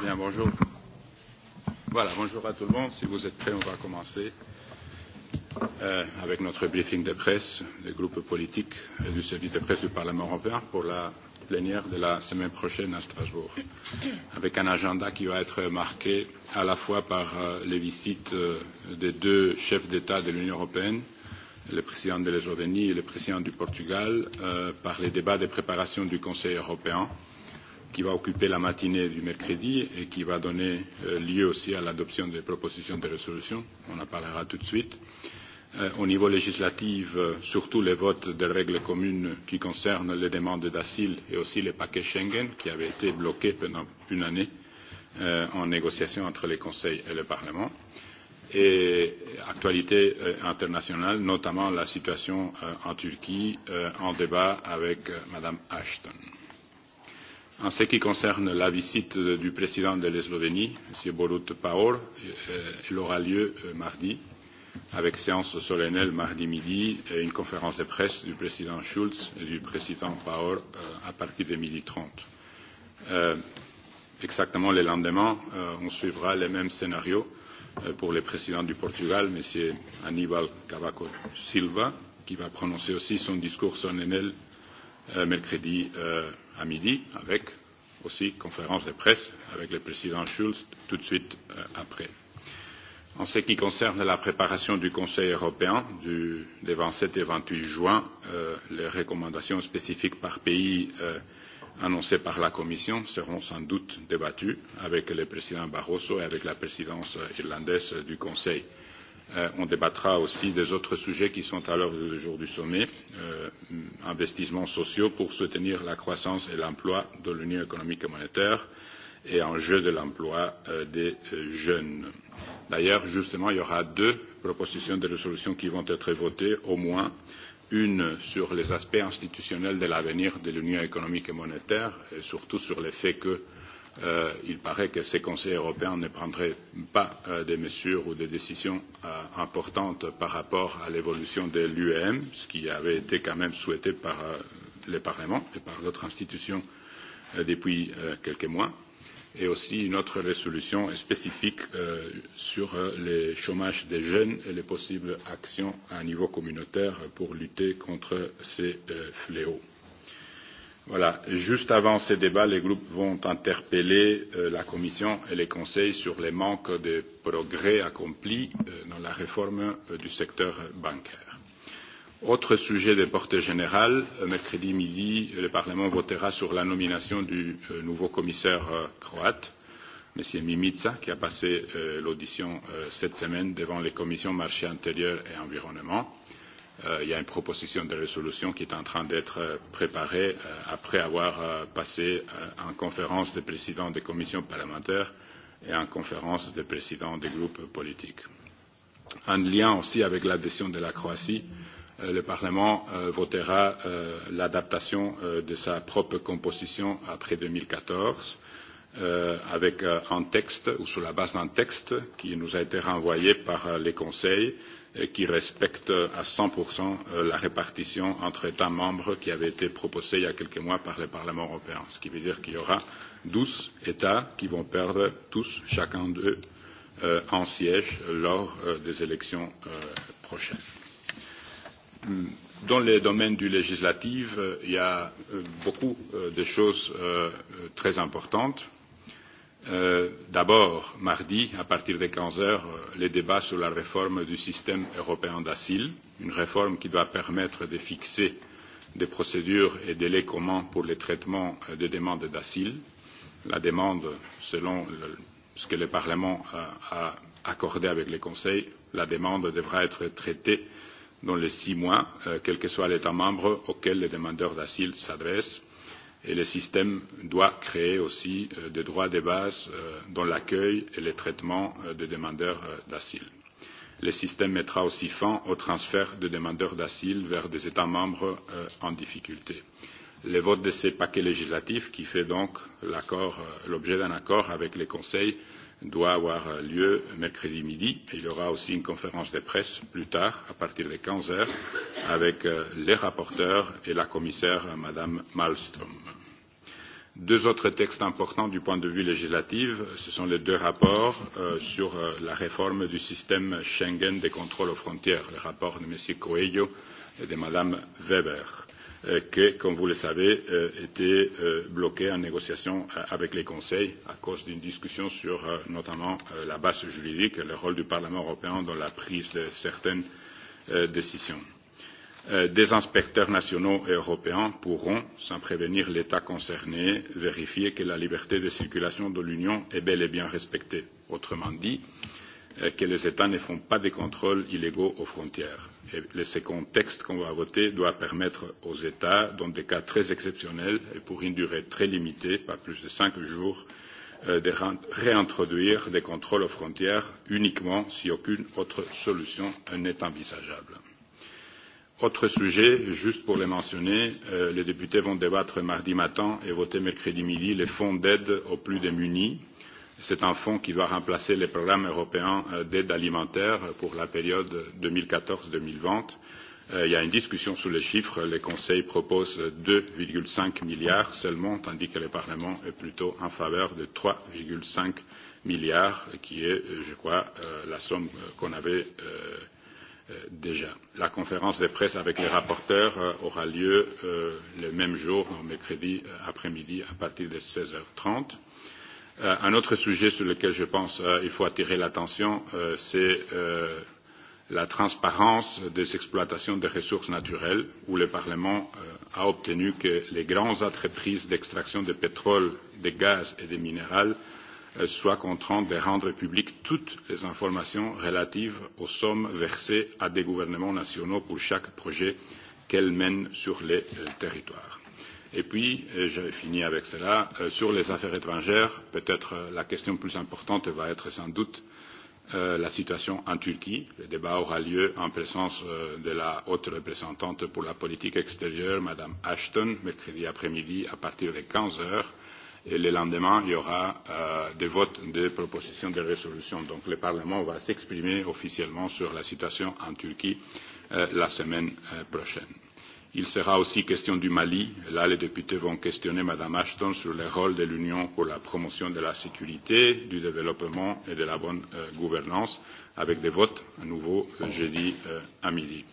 Bien, bonjour. Voilà, bonjour à tout le monde. Si vous êtes prêts, on va commencer euh, avec notre briefing de presse des groupes politiques et du service de presse du Parlement européen pour la plénière de la semaine prochaine à Strasbourg, avec un agenda qui va être marqué à la fois par euh, les visites euh, des deux chefs d'État de l'Union européenne, le président de l'Eslovénie et le président du Portugal, euh, par les débats de préparation du Conseil européen, euh, qui va occuper la matinée du mercredi et qui va donner euh, lieu aussi à l'adoption des propositions de résolution. On en parlera tout de suite. Euh, au niveau législatif, euh, surtout les votes des règles communes qui concernent les demandes d'asile et aussi les paquets Schengen qui avaient été bloqués pendant une année euh, en négociation entre les conseils et le Parlement. Et actualité euh, internationale, notamment la situation euh, en Turquie, euh, en débat avec euh, Mme Ashton. En ce qui concerne la visite du président de l'Eslovénie, M. Borut Pahor, euh, elle aura lieu euh, mardi, avec séance solennelle mardi midi et une conférence de presse du président Schulz et du président Pahor euh, à partir de midi trente. Exactement le lendemain, on suivra le même scénario pour le président du Portugal, M. Aníbal Cavaco Silva, qui va prononcer aussi son discours solennel mercredi à midi, avec aussi conférence de presse avec le président Schulz tout de suite euh, après. En ce qui concerne la préparation du Conseil européen du, des 27 et 28 juin, euh, les recommandations spécifiques par pays euh, annoncées par la Commission seront sans doute débattues avec le président Barroso et avec la présidence irlandaise du Conseil. Euh, Euh, on débattra aussi des autres sujets qui sont à l'ordre du jour du sommet, euh, investissements sociaux pour soutenir la croissance et l'emploi de l'Union économique et monétaire et enjeux de l'emploi euh, des euh, jeunes. D'ailleurs, justement, il y aura deux propositions de résolution qui vont être votées, au moins une sur les aspects institutionnels de l'avenir de l'Union économique et monétaire, et surtout sur le fait que euh, il paraît que ces conseillers européens ne prendraient pas euh, des mesures ou des décisions euh, importantes par rapport à l'évolution de l'UEM, ce qui avait été quand même souhaité par euh, le Parlement et par d'autres institutions euh, depuis euh, quelques mois, et aussi une autre résolution spécifique euh, sur euh, le chômage des jeunes et les possibles actions à un niveau communautaire pour lutter contre ces euh, fléaux Voilà. Juste avant ces débats, les groupes vont interpeller euh, la Commission et les conseils sur les manques de progrès accomplis euh, dans la réforme euh, du secteur bancaire. Autre sujet de portée générale, mercredi midi, le Parlement votera sur la nomination du nouveau commissaire croate, M. Mimica, qui a passé l'audition cette semaine devant les commissions marché intérieur et environnement. Euh, il y a une proposition de résolution qui est en train d'être euh, préparée euh, après avoir passé en conférence des présidents des commissions parlementaires et en conférence des présidents des groupes politiques. En lien aussi avec l'adhésion de la Croatie, le Parlement votera l'adaptation de sa propre composition après 2014 euh, avec euh, un texte ou sur la base d'un texte qui nous a été renvoyé par euh, les conseils euh, qui respecte à 100% euh, la répartition entre États membres qui avait été proposée il y a quelques mois par le Parlement européen. Ce qui veut dire qu'il y aura 12 États qui vont perdre tous, chacun d'eux, euh, un siège lors euh, des élections euh, prochaines. Dans le domaine du législatif, euh, il y a euh, beaucoup de choses très importantes Euh, d'abord, mardi, à partir de 15 heures, euh, les débats sur la réforme du système européen d'asile, une réforme qui doit permettre de fixer des procédures et délais communs pour le traitement euh, des demandes d'asile. La demande, selon le, ce que le Parlement a, a accordé avec le Conseil, la demande devra être traitée dans les six mois, euh, quel que soit l'État membre auquel les demandeurs d'asile s'adressent et le système doit créer aussi euh, des droits de base euh, dans l'accueil et le traitement euh, des demandeurs d'asile. Le système mettra aussi fin au transfert de demandeurs d'asile vers des États membres en difficulté. Le vote de ces paquets législatifs, qui fait donc l'objet d'un accord avec le Conseil, euh, doit avoir euh, lieu mercredi midi. Il y aura aussi une conférence de presse plus tard, à partir de 15 heures, avec euh, les rapporteurs et la commissaire, euh, Madame Malmström. Deux autres textes importants du point de vue législatif, ce sont les deux rapports euh, sur euh, la réforme du système Schengen des contrôles aux frontières, le rapport de M. Coelho et de Mme Weber Euh, qui, comme vous le savez, euh, était euh, bloqué en négociation avec les conseils à cause d'une discussion sur notamment la base juridique et le rôle du Parlement européen dans la prise de certaines décisions. Des inspecteurs nationaux et européens pourront, sans prévenir l'État concerné, vérifier que la liberté de circulation de l'Union est bel et bien respectée. Autrement dit, euh, Euh, que les États ne font pas de contrôles illégaux aux frontières. Et le second texte qu'on va voter doit permettre aux États, dans des cas très exceptionnels et pour une durée très limitée, pas plus de cinq jours, euh, de réintroduire des contrôles aux frontières uniquement si aucune autre solution n'est envisageable. Autre sujet, juste pour le mentionner, euh, les députés vont débattre mardi matin et voter mercredi midi les fonds d'aide aux plus démunis. C'est un fonds qui va remplacer les programmes européens euh, d'aide alimentaire euh, pour la période 2014-2020. Euh, il y a une discussion sur les chiffres. Le Conseil propose 2,5 milliards seulement, tandis que le Parlement est plutôt en faveur de 3,5 milliards, qui est, je crois, la somme qu'on avait déjà. La conférence de presse avec les rapporteurs aura lieu le même jour, mercredi après-midi, à partir de 16h30 Euh, un autre sujet sur lequel je pense qu'il euh, faut attirer l'attention, euh, c'est la transparence des exploitations des ressources naturelles, où le Parlement a obtenu que les grandes entreprises d'extraction de pétrole, de gaz et de minéraux soient contraintes de rendre publiques toutes les informations relatives aux sommes versées à des gouvernements nationaux pour chaque projet qu'elles mènent sur les euh, territoires. Et puis, euh, je finis avec cela, euh, sur les affaires étrangères, peut-être euh, la question plus importante va être sans doute euh, la situation en Turquie. Le débat aura lieu en présence euh, de la haute représentante pour la politique extérieure, Madame Ashton, mercredi après-midi à partir de 15 heures. Et le lendemain, il y aura euh, des votes de propositions de résolution. Donc le Parlement va s'exprimer officiellement sur la situation en Turquie euh, la semaine euh, prochaine. Il sera aussi question du Mali. Là, les députés vont questionner Mme Ashton sur le rôle de l'Union pour la promotion de la sécurité, du développement et de la bonne euh, gouvernance, avec des votes à nouveau euh, jeudi euh, à midi.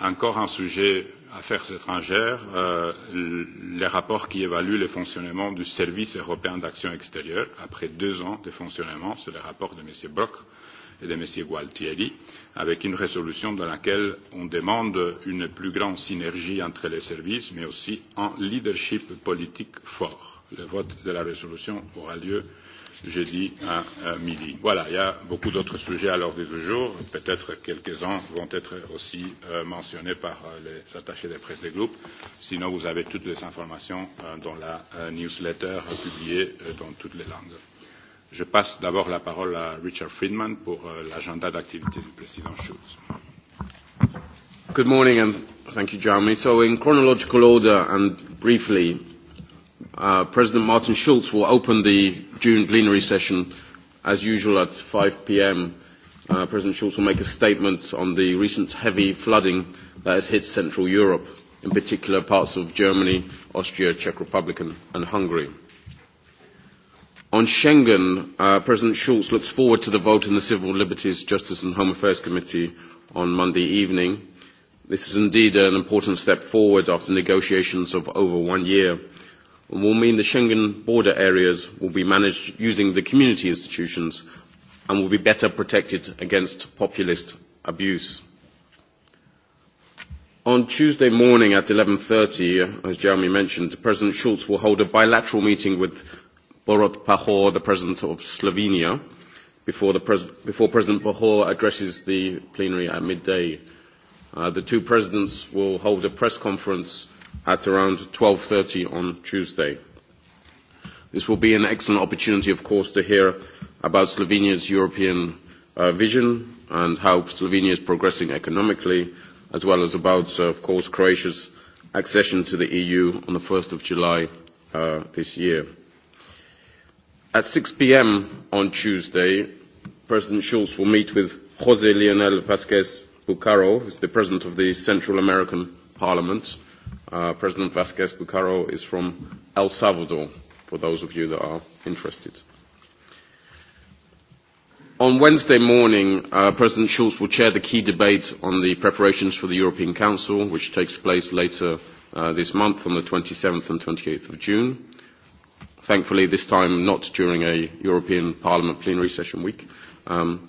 Encore un sujet affaires étrangères, euh, les rapports qui évaluent le fonctionnement du service européen d'action extérieure après deux ans de fonctionnement, c'est le rapport de M. Brock et de M. Gualtieri, avec une résolution dans laquelle on demande une plus grande synergie entre les services, mais aussi un leadership politique fort. Le vote de la résolution aura lieu jeudi à midi. Voilà, il y a beaucoup d'autres sujets à l'ordre du jour. Peut-être quelques-uns vont être aussi euh, mentionnés par euh, les attachés des presse des groupes. Sinon, vous avez toutes les informations euh, dans la newsletter publiée dans toutes les langues. Je passe d'abord la parole à Richard Friedman pour euh, l'agenda d'activité du président Schulz. Good morning and thank you, Jeremy. So in chronological order and briefly, uh, President Martin Schulz will open the June plenary session as usual at 5 p.m. Uh, President Schulz will make a statement on the recent heavy flooding that has hit Central Europe, in particular parts of Germany, Austria, Czech Republic and, and Hungary. On Schengen, uh, President Schulz looks forward to the vote in the Civil Liberties, Justice and Home Affairs Committee on Monday evening. This is indeed an important step forward after negotiations of over one year and will mean the Schengen border areas will be managed using the community institutions and will be better protected against populist abuse. On Tuesday morning at 11.30, as Jeremy mentioned, President Schulz will hold a bilateral meeting with Borut Pahor, the President of Slovenia, before, the pres- before President Pahor addresses the plenary at midday. Uh, the two presidents will hold a press conference at around 12.30 on Tuesday. This will be an excellent opportunity, of course, to hear about Slovenia's European uh, vision and how Slovenia is progressing economically, as well as about, uh, of course, Croatia's accession to the EU on the 1st of July uh, this year. At 6 p.m. on Tuesday, President Schulz will meet with Jose Leonel Vasquez Bucaro, who is the President of the Central American Parliament. Uh, President Vasquez Bucaro is from El Salvador, for those of you that are interested. On Wednesday morning, uh, President Schulz will chair the key debate on the preparations for the European Council, which takes place later uh, this month on the 27th and 28th of June thankfully this time not during a European Parliament plenary session week. Um,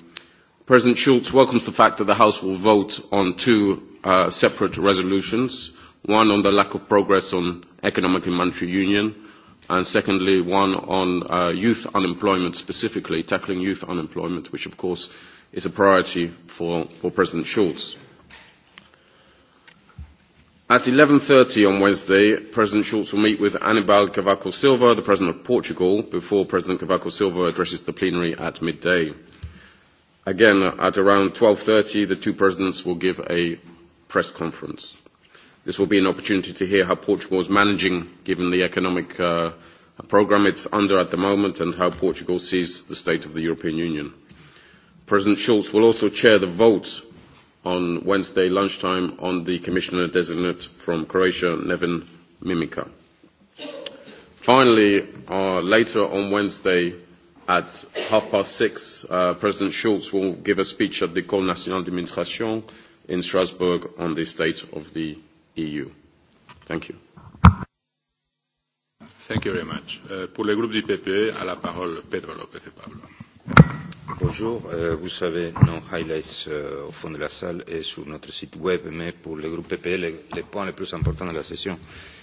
President Schulz welcomes the fact that the House will vote on two uh, separate resolutions, one on the lack of progress on economic and monetary union, and secondly, one on uh, youth unemployment specifically, tackling youth unemployment, which of course is a priority for, for President Schulz. At 11.30 on Wednesday, President Schultz will meet with Anibal Cavaco Silva, the President of Portugal, before President Cavaco Silva addresses the plenary at midday. Again, at around 12.30, the two presidents will give a press conference. This will be an opportunity to hear how Portugal is managing, given the economic uh, program it's under at the moment, and how Portugal sees the state of the European Union. President Schultz will also chair the vote on Wednesday lunchtime on the Commissioner Designate from Croatia, Nevin Mimica. Finally, uh, later on Wednesday at half past six, uh, President Schulz will give a speech at the École Nationale d'Administration in Strasbourg on the state of the EU. Thank you. Thank you very much. Uh, pour le groupe du PPE, à la parole Pedro López de Pablo. Bonjour, euh, vous savez, nos highlights euh, au fond de la salle et sur notre site web, mais pour le groupe PPE, les, les points les plus importants de la session,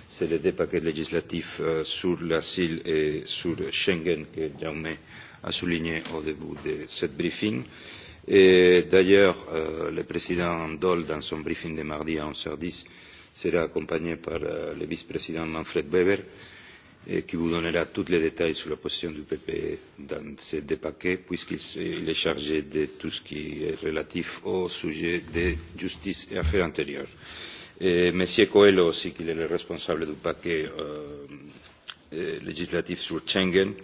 c'est les deux paquets législatifs euh, sur l'asile et sur Schengen que Jaume a souligné au début de cette briefing. Et d'ailleurs, euh, le président Doll, dans son briefing de mardi à 11h10, sera accompagné par euh, le vice-président Manfred Weber et qui vous donnera tous les détails sur la position du PPE dans ces deux paquets, puisqu'il est chargé de tout ce qui est relatif au sujet de justice et affaires intérieures. Et Monsieur Coelho aussi, qui est le responsable du paquet euh, euh législatif sur Schengen,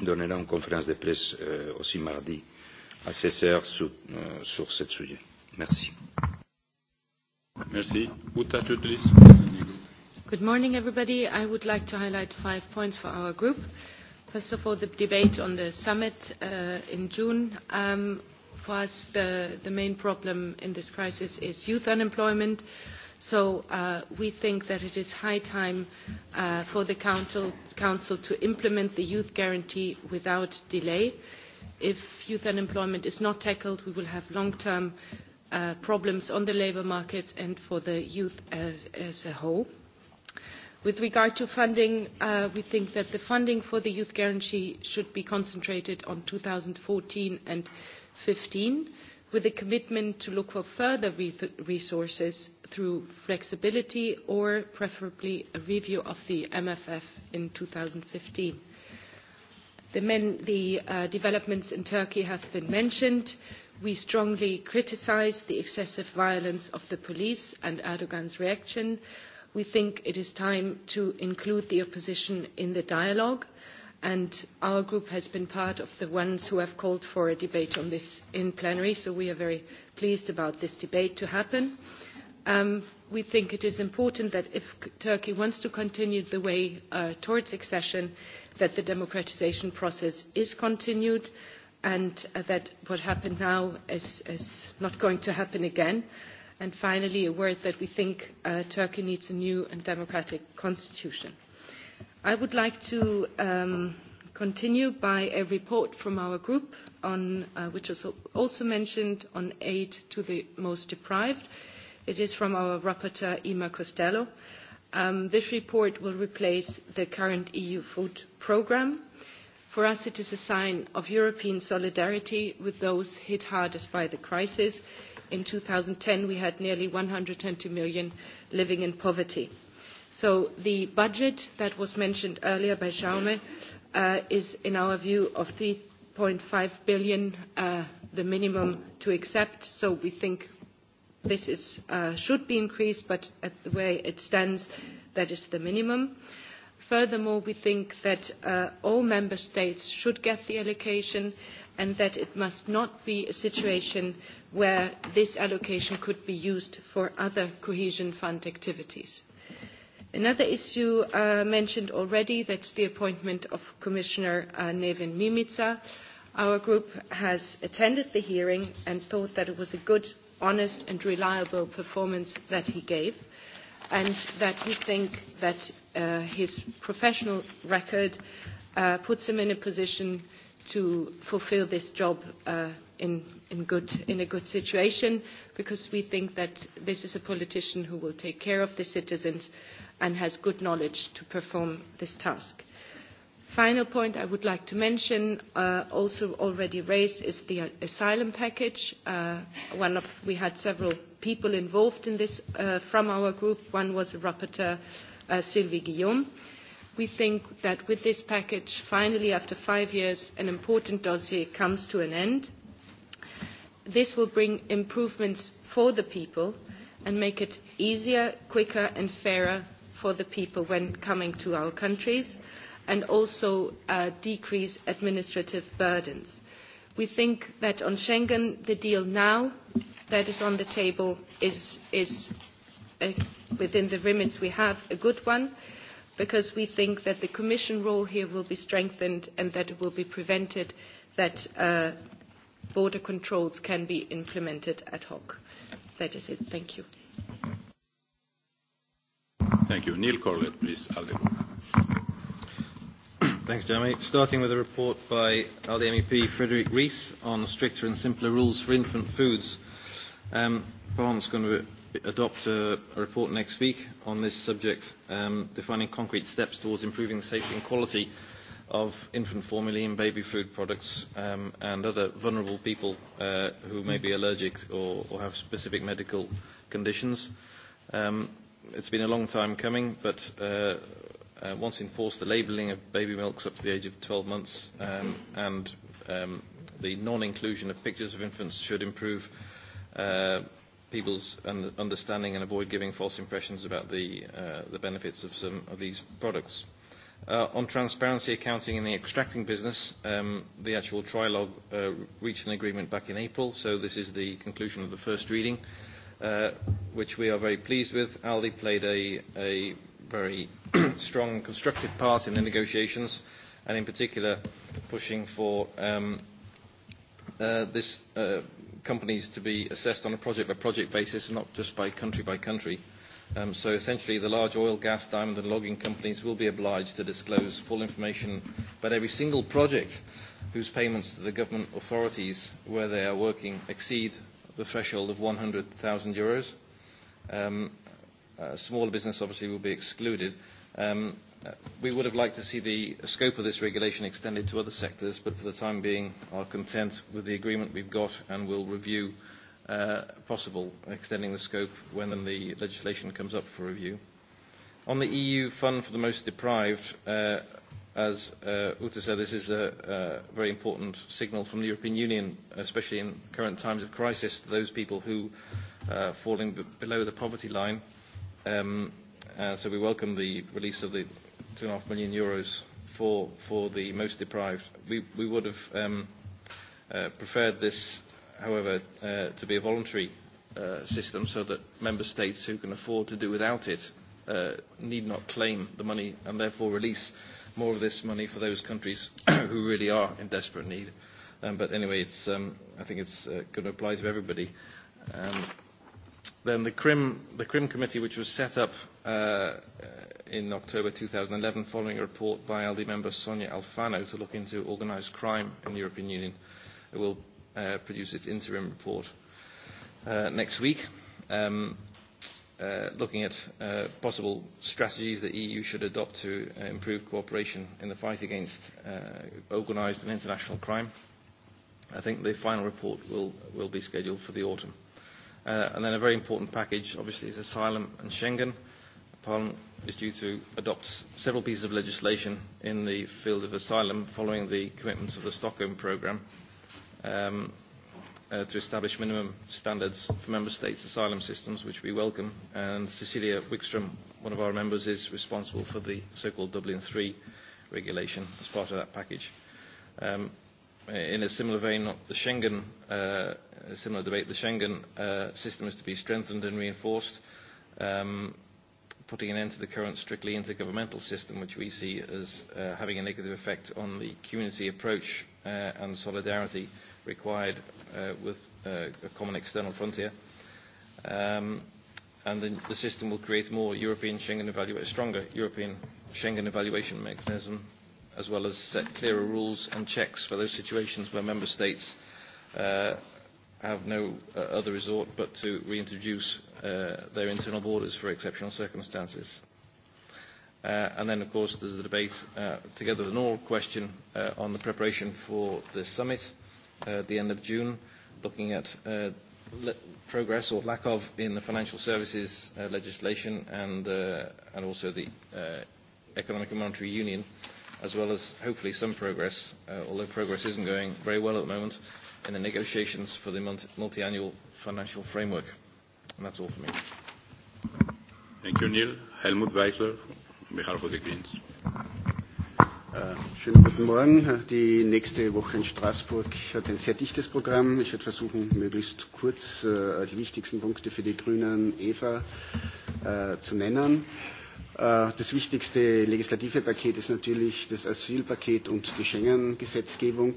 donnera une conférence de presse euh, aussi mardi à 16 heures sur, euh, sur ce sujet. Merci. Merci. Uta Tutlis. Good morning, everybody. I would like to highlight five points for our group. First of all, the debate on the summit uh, in June. Um, for us, the, the main problem in this crisis is youth unemployment. So uh, we think that it is high time uh, for the council, council to implement the youth guarantee without delay. If youth unemployment is not tackled, we will have long-term uh, problems on the labour markets and for the youth as, as a whole. With regard to funding, uh, we think that the funding for the youth guarantee should be concentrated on 2014 and 15, with a commitment to look for further re resources through flexibility or preferably a review of the MFF in 2015. The, men, the uh, developments in Turkey have been mentioned. We strongly criticise the excessive violence of the police and Erdogan's reaction we think it is time to include the opposition in the dialogue, and our group has been part of the ones who have called for a debate on this in plenary, so we are very pleased about this debate to happen. Um, we think it is important that if Turkey wants to continue the way uh, towards accession, that the democratization process is continued and uh, that what happened now is, is not going to happen again. And finally, a word that we think uh, Turkey needs a new and democratic constitution. I would like to um, continue by a report from our group, on, uh, which was also mentioned, on aid to the most deprived. It is from our rapporteur, Ima Costello. Um, this report will replace the current EU food programme. For us, it is a sign of European solidarity with those hit hardest by the crisis in 2010 we had nearly 120 million living in poverty. So the budget that was mentioned earlier by Jaume uh, is, in our view, of 3.5 billion, uh, the minimum to accept. So we think this is, uh, should be increased, but at the way it stands, that is the minimum. Furthermore, we think that uh, all member states should get the allocation and that it must not be a situation where this allocation could be used for other cohesion fund activities. Another issue uh, mentioned already, that's the appointment of Commissioner uh, Nevin Mimica. Our group has attended the hearing and thought that it was a good, honest and reliable performance that he gave and that we think that uh, his professional record uh, puts him in a position to fulfill this job uh, in, in, good, in a good situation because we think that this is a politician who will take care of the citizens and has good knowledge to perform this task. Final point I would like to mention, uh, also already raised, is the asylum package. Uh, one of, we had several people involved in this uh, from our group. One was a rapporteur, uh, Sylvie Guillaume we think that with this package, finally, after five years, an important dossier comes to an end. This will bring improvements for the people and make it easier, quicker, and fairer for the people when coming to our countries, and also uh, decrease administrative burdens. We think that on Schengen, the deal now that is on the table is, is uh, within the remits we have, a good one because we think that the Commission role here will be strengthened and that it will be prevented that uh, border controls can be implemented ad hoc. That is it. Thank you. Thank you. Neil Corlett, please. Alde. Thanks, Jeremy. Starting with a report by Alde MEP Frederick Rees on stricter and simpler rules for infant foods. Um, Parliament's going to adopt a, a report next week on this subject, um, defining concrete steps towards improving the safety and quality of infant formula and baby food products um, and other vulnerable people uh, who may be allergic or, or have specific medical conditions. Um, it's been a long time coming, but uh, uh, once enforced, the labelling of baby milks up to the age of 12 months um, and um, the non-inclusion of pictures of infants should improve uh, people's un understanding and avoid giving false impressions about the, uh, the benefits of some of these products. Uh, on transparency accounting in the extracting business, um, the actual trilogue uh, reached an agreement back in April, so this is the conclusion of the first reading, uh, which we are very pleased with. ALDI played a, a very strong constructive part in the negotiations, and in particular pushing for um, uh, this uh, companies to be assessed on a project-by-project basis and not just by country-by-country. Country. Um, so essentially, the large oil, gas, diamond and logging companies will be obliged to disclose full information about every single project whose payments to the government authorities where they are working exceed the threshold of 100,000 euros. Um, uh, smaller business obviously will be excluded. Um, Uh, we would have liked to see the scope of this regulation extended to other sectors, but for the time being are content with the agreement we've got and will review uh, possible extending the scope when the legislation comes up for review. On the EU fund for the most deprived, uh, as uh, Uta said, this is a, a very important signal from the European Union, especially in current times of crisis, to those people who are uh, falling b below the poverty line. Um, uh, so we welcome the release of the 2.5 million euros for, for the most deprived. We, we would have um, uh, preferred this, however, uh, to be a voluntary uh, system so that member states who can afford to do without it uh, need not claim the money and therefore release more of this money for those countries who really are in desperate need. Um, but anyway, it's, um, I think it's uh, going to apply to everybody. Um, Then the Crim, the Crim Committee, which was set up uh, uh in October 2011 following a report by ALDE member Sonia Alfano to look into organised crime in the European Union, it will uh, produce its interim report uh, next week, um, uh, looking at uh, possible strategies the EU should adopt to uh, improve cooperation in the fight against uh, organised and international crime. I think the final report will, will be scheduled for the autumn. Uh, and then a very important package, obviously, is asylum and Schengen. Parliament is due to adopt several pieces of legislation in the field of asylum following the commitments of the Stockholm programme um, uh, to establish minimum standards for member states' asylum systems, which we welcome. And Cecilia Wickstrom, one of our members, is responsible for the so-called Dublin III regulation as part of that package. Um, Uh, in a similar vein, not the Schengen, uh, a similar debate, the Schengen uh, system is to be strengthened and reinforced, um, putting an end to the current strictly intergovernmental system, which we see as uh, having a negative effect on the community approach uh, and solidarity required uh, with uh, a common external frontier. Um, and the, the system will create more European Schengen evaluation, stronger European Schengen evaluation mechanism as well as set clearer rules and checks for those situations where member states uh, have no uh, other resort but to reintroduce uh, their internal borders for exceptional circumstances. Uh, and then, of course, there's the debate, uh, together with an oral question, uh, on the preparation for the summit uh, at the end of June, looking at uh, progress or lack of in the financial services uh, legislation and, uh, and also the uh, economic and monetary union. Uh, as well as hopefully some progress, uh, although progress isn't going very well at the moment, in the negotiations for the multi-annual financial framework. And that's all for me. Thank you, Neil. Helmut Weichler, on behalf of the Greens. Uh, schönen guten Morgen. Die nächste Woche in Straßburg hat äh, ein sehr dichtes Programm. Ich werde versuchen, möglichst kurz uh, die wichtigsten Punkte für die Grünen Eva uh, zu nennen. Äh, das wichtigste legislative Paket ist natürlich das Asylpaket und die Schengen-Gesetzgebung.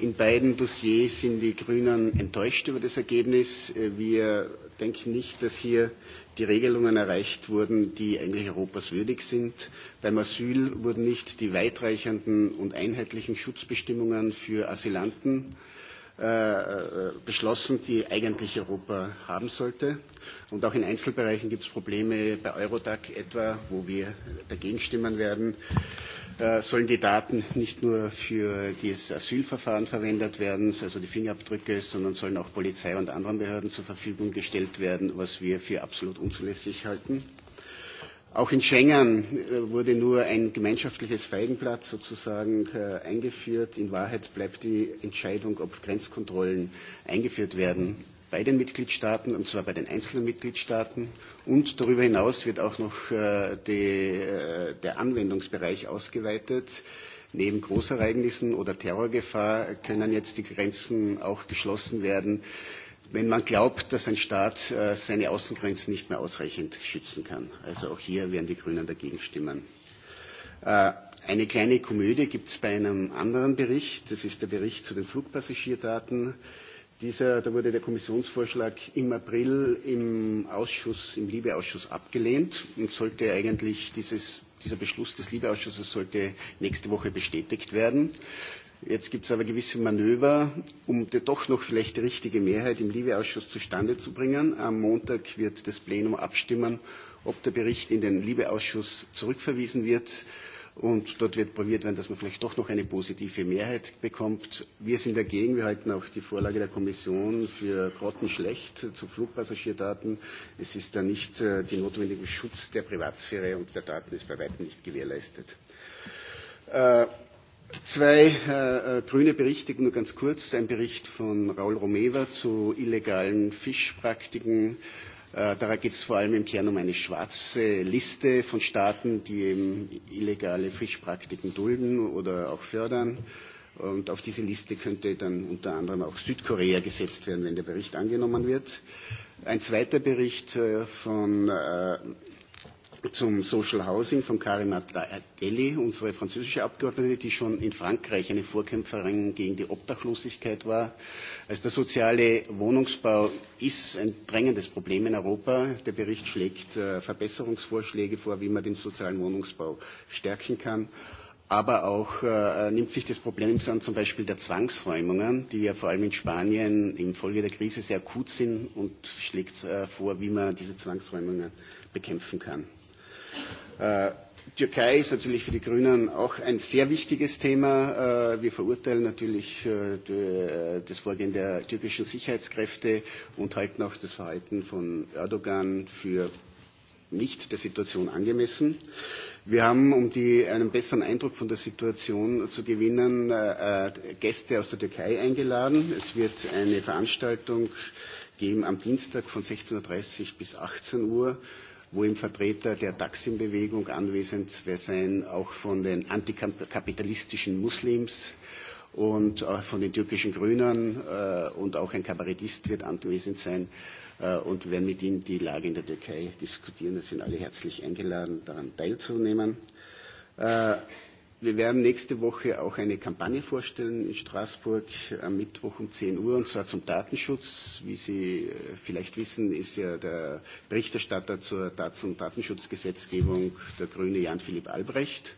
In beiden Dossiers sind die Grünen enttäuscht über das Ergebnis. Äh, wir denken nicht, dass hier die Regelungen erreicht wurden, die eigentlich Europas würdig sind. Beim Asyl wurden nicht die weitreichenden und einheitlichen Schutzbestimmungen für Asylanten äh, Äh, äh, beschlossen, die eigentlich Europa haben sollte. Und auch in Einzelbereichen gibt es Probleme, bei Eurodac etwa, wo wir dagegen stimmen werden. Äh, sollen die Daten nicht nur für das Asylverfahren verwendet werden, also die Fingerabdrücke, sondern sollen auch Polizei und anderen Behörden zur Verfügung gestellt werden, was wir für absolut unzulässig halten? Auch in Schengen äh, wurde nur ein gemeinschaftliches Feigenblatt sozusagen äh, eingeführt. In Wahrheit bleibt die Entscheidung, ob Grenzkontrollen eingeführt werden, bei den Mitgliedstaaten, und zwar bei den einzelnen Mitgliedstaaten. Und darüber hinaus wird auch noch äh, die, der Anwendungsbereich ausgeweitet. Neben Großereignissen oder Terrorgefahr können jetzt die Grenzen auch geschlossen werden wenn man glaubt, dass ein Staat äh, seine Außengrenzen nicht mehr ausreichend schützen kann. Also auch hier werden die Grünen dagegen stimmen. Äh, eine kleine Komödie gibt es bei einem anderen Bericht. Das ist der Bericht zu den Flugpassagierdaten. Dieser, da wurde der Kommissionsvorschlag im April im Ausschuss, im Libeausschuss abgelehnt und sollte eigentlich dieses, dieser Beschluss des Libeausschusses sollte nächste Woche bestätigt werden. Jetzt gibt es aber gewisse Manöver, um doch noch vielleicht die richtige Mehrheit im Libe-Ausschuss zustande zu bringen. Am Montag wird das Plenum abstimmen, ob der Bericht in den Libe-Ausschuss zurückverwiesen wird. Und dort wird probiert werden, dass man vielleicht doch noch eine positive Mehrheit bekommt. Wir sind dagegen. Wir halten auch die Vorlage der Kommission für grottenschlecht zu Flugpassagierdaten. Es ist da nicht äh, der notwendige Schutz der Privatsphäre und der Daten ist bei weitem nicht gewährleistet. Äh, Zwei äh, äh, grüne Berichte, nur ganz kurz. Ein Bericht von Raul Romeva zu illegalen Fischpraktiken. Äh, da geht es vor allem im Kern um eine schwarze Liste von Staaten, die eben illegale Fischpraktiken dulden oder auch fördern. Und auf diese Liste könnte dann unter anderem auch Südkorea gesetzt werden, wenn der Bericht angenommen wird. Ein zweiter Bericht äh, von äh, zum Social Housing von Karima Deli, unsere französische Abgeordnete, die schon in Frankreich eine Vorkämpferin gegen die Obdachlosigkeit war. Also der soziale Wohnungsbau ist ein drängendes Problem in Europa. Der Bericht schlägt äh, Verbesserungsvorschläge vor, wie man den sozialen Wohnungsbau stärken kann. Aber auch äh, nimmt sich des Problems an, zum Beispiel der Zwangsräumungen, die ja vor allem in Spanien infolge der Krise sehr akut sind und schlägt äh, vor, wie man diese Zwangsräumungen bekämpfen kann. Äh, Türkei ist natürlich für die Grünen auch ein sehr wichtiges Thema. Äh, wir verurteilen natürlich äh, das Vorgehen der türkischen Sicherheitskräfte und halten auch das Verhalten von Erdogan für nicht der Situation angemessen. Wir haben, um die, einen besseren Eindruck von der Situation zu gewinnen, Gäste aus der Türkei eingeladen. Es wird eine Veranstaltung geben am Dienstag von 16.30 Uhr bis 18 Uhr wo eben Vertreter der Taksim-Bewegung anwesend sein, auch von den antikapitalistischen Muslims und äh, von den türkischen Grünen äh, und auch ein Kabarettist wird anwesend sein äh, und werden mit ihm die Lage in der Türkei diskutieren. Es sind alle herzlich eingeladen, daran teilzunehmen. Äh, Wir werden nächste Woche auch eine Kampagne vorstellen in Straßburg am Mittwoch um 10 Uhr, und zwar zum Datenschutz. Wie Sie äh, vielleicht wissen, ist ja der Berichterstatter zur Datenschutzgesetzgebung der Grüne Jan-Philipp Albrecht.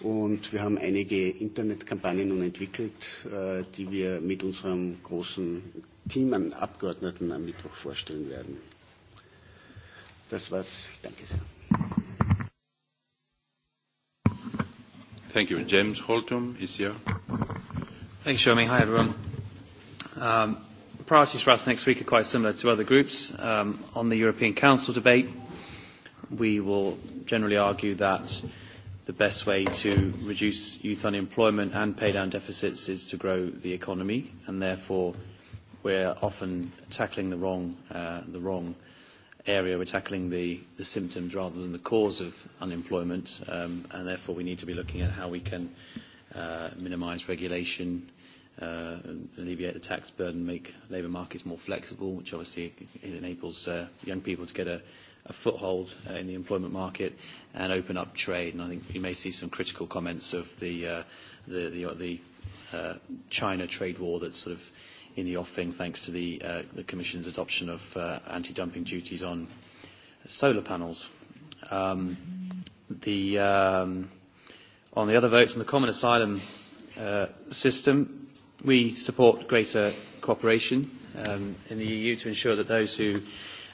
Und wir haben einige Internetkampagnen nun entwickelt, äh, die wir mit unserem großen Team an Abgeordneten am Mittwoch vorstellen werden. Das war's. Danke sehr. Thank you. James Holtum is here. Thanks, Shomi. Hi, everyone. Um, priorities for us next week are quite similar to other groups. Um, on the European Council debate, we will generally argue that the best way to reduce youth unemployment and pay down deficits is to grow the economy, and therefore we're often tackling the wrong, uh, the wrong uh, area, we're tackling the, the symptoms rather than the cause of unemployment, um, and therefore we need to be looking at how we can uh, minimise regulation, uh, alleviate the tax burden, make labour markets more flexible, which obviously enables uh, young people to get a, a foothold uh, in the employment market and open up trade. And I think you may see some critical comments of the, uh, the, the, the uh, China trade war that's sort of in the offing thanks to the, uh, the Commission's adoption of uh, anti-dumping duties on solar panels. Um, the, um, on the other votes on the common asylum uh, system, we support greater cooperation um, in the EU to ensure that those who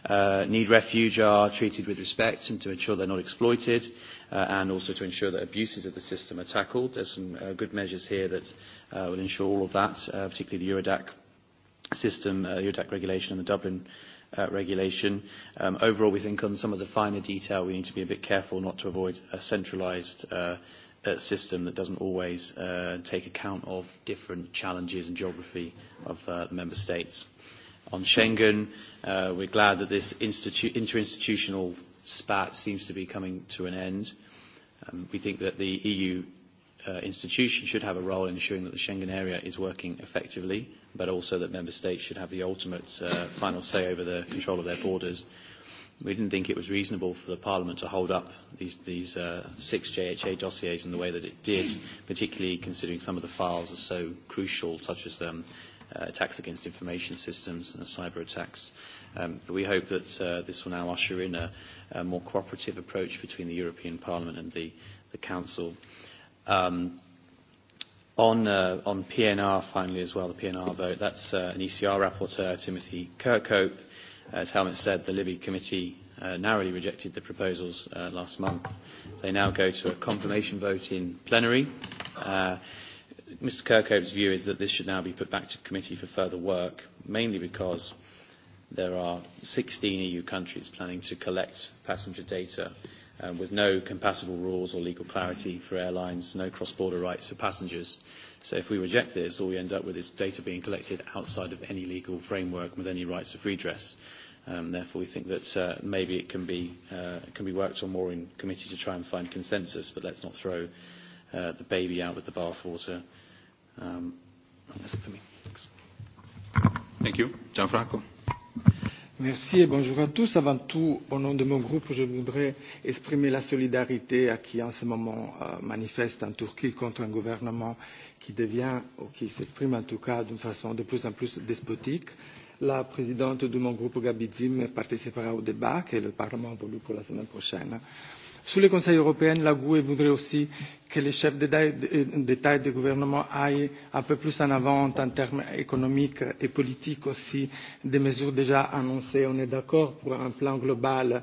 uh, need refuge are treated with respect and to ensure they're not exploited uh, and also to ensure that abuses of the system are tackled. There's some uh, good measures here that uh, will ensure all of that, uh, particularly the Eurodac system, uh, UDAC regulation and the Dublin uh, regulation. Um, overall, we think on some of the finer detail, we need to be a bit careful not to avoid a centralized uh, uh, system that doesn't always uh, take account of different challenges and geography of uh, the member states. On Schengen, uh, we're glad that this institu- interinstitutional spat seems to be coming to an end. Um, we think that the EU uh, institution should have a role in ensuring that the Schengen area is working effectively, but also that member states should have the ultimate uh, final say over the control of their borders. We didn't think it was reasonable for the Parliament to hold up these, these uh, six JHA dossiers in the way that it did, particularly considering some of the files are so crucial, such as um, uh, attacks against information systems and cyber attacks. Um, but we hope that uh, this will now usher in a, a more cooperative approach between the European Parliament and the, the Council. Uh, Um, on, uh, on PNR, finally, as well, the PNR vote, that's uh, an ECR rapporteur, Timothy Kirkhope. Uh, as Helmut said, the Libby committee uh, narrowly rejected the proposals uh, last month. They now go to a confirmation vote in plenary. Uh, Mr Kirkhope's view is that this should now be put back to committee for further work, mainly because there are 16 EU countries planning to collect passenger data um, with no compatible rules or legal clarity for airlines, no cross-border rights for passengers. So if we reject this, all we end up with is data being collected outside of any legal framework with any rights of redress. Um, therefore, we think that uh, maybe it can be, uh, can be worked on more in committee to try and find consensus, but let's not throw uh, the baby out with the bathwater. Um, that's it for me. Thanks. Thank you. Gianfranco. Merci et bonjour à tous. Avant tout, au nom de mon groupe, je voudrais exprimer la solidarité à qui en ce moment euh, manifeste en Turquie contre un gouvernement qui devient, ou qui s'exprime en tout cas d'une façon de plus en plus despotique. La présidente de mon groupe, Gabi Zim, participera au débat que le Parlement a voulu pour la semaine prochaine. Euh, Sur le Conseil européen, la GUE voudrait aussi que les chefs d'État et de gouvernement aillent un peu plus en avant en termes économiques et politiques aussi des mesures déjà annoncées. On est d'accord pour un plan global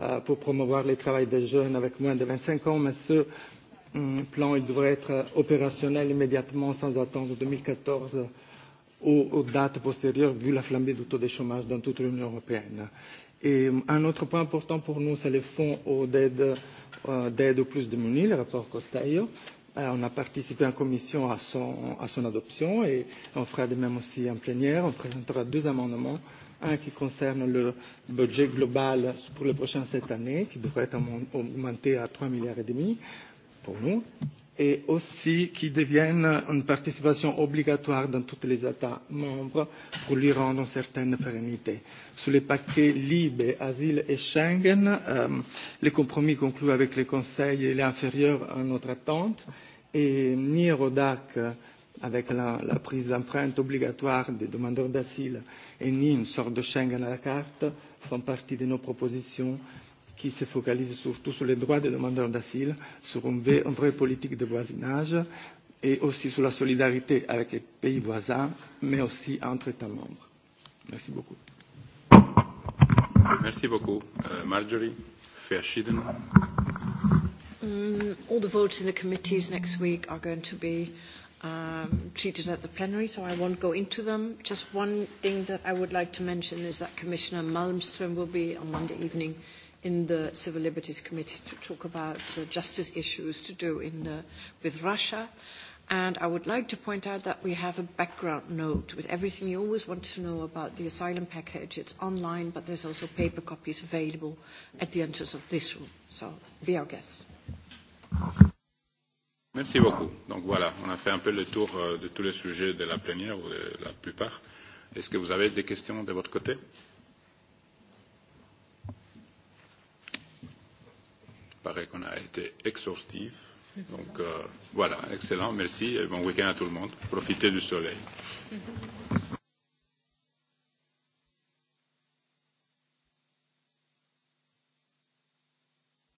euh, pour promouvoir le travail des jeunes avec moins de 25 ans, mais ce plan il devrait être opérationnel immédiatement sans attendre 2014 aux dates postérieures vu la flambée du taux de chômage dans toute l'Union européenne. Et euh, un autre point important pour nous, c'est le fonds d'aide euh, aux plus démunis, le rapport Costaio. Euh, on a participé en commission à son, à son adoption et on fera de même aussi en plénière. On présentera deux amendements. Un qui concerne le budget global pour les prochaines sept années, qui devrait être augmenté à 3 milliards et demi pour nous, et aussi qui devienne une participation obligatoire dans tous les États membres pour lui rendre une certaine pérennité. Sur les paquets Libé, Asile et Schengen, euh, le compromis conclu avec le Conseil est inférieur à notre attente et ni Rodac avec la, la prise d'empreinte obligatoire des demandeurs d'asile et ni une sorte de Schengen à la carte font partie de nos propositions qui se focalise surtout sur les droits des demandeurs d'asile, sur une vraie une vraie politique de voisinage et aussi sur la solidarité avec les pays voisins, mais aussi entre États membres. Merci beaucoup. Merci beaucoup. Uh, Marjorie Verscheiden. Mm, all the votes in the committees next week are going to be um, treated at the plenary, so I won't go into them. Just one thing that I would like to mention is that Commissioner Malmström will be on Monday evening in the Civil Liberties Committee to talk about uh, justice issues to do in, the, with Russia. And I would like to point out that we have a background note with everything you always want to know about the asylum package. It's online, but there's also paper copies available at the entrance of this room. So be our guest. Merci beaucoup. Donc voilà, on a fait un peu le tour euh, de tous les sujets de la plénière ou de la plupart. Est-ce que vous avez des questions de votre côté? paraît qu'on a été exhaustif. Donc euh, voilà, excellent, merci et bon week-end à tout le monde. Profitez du soleil.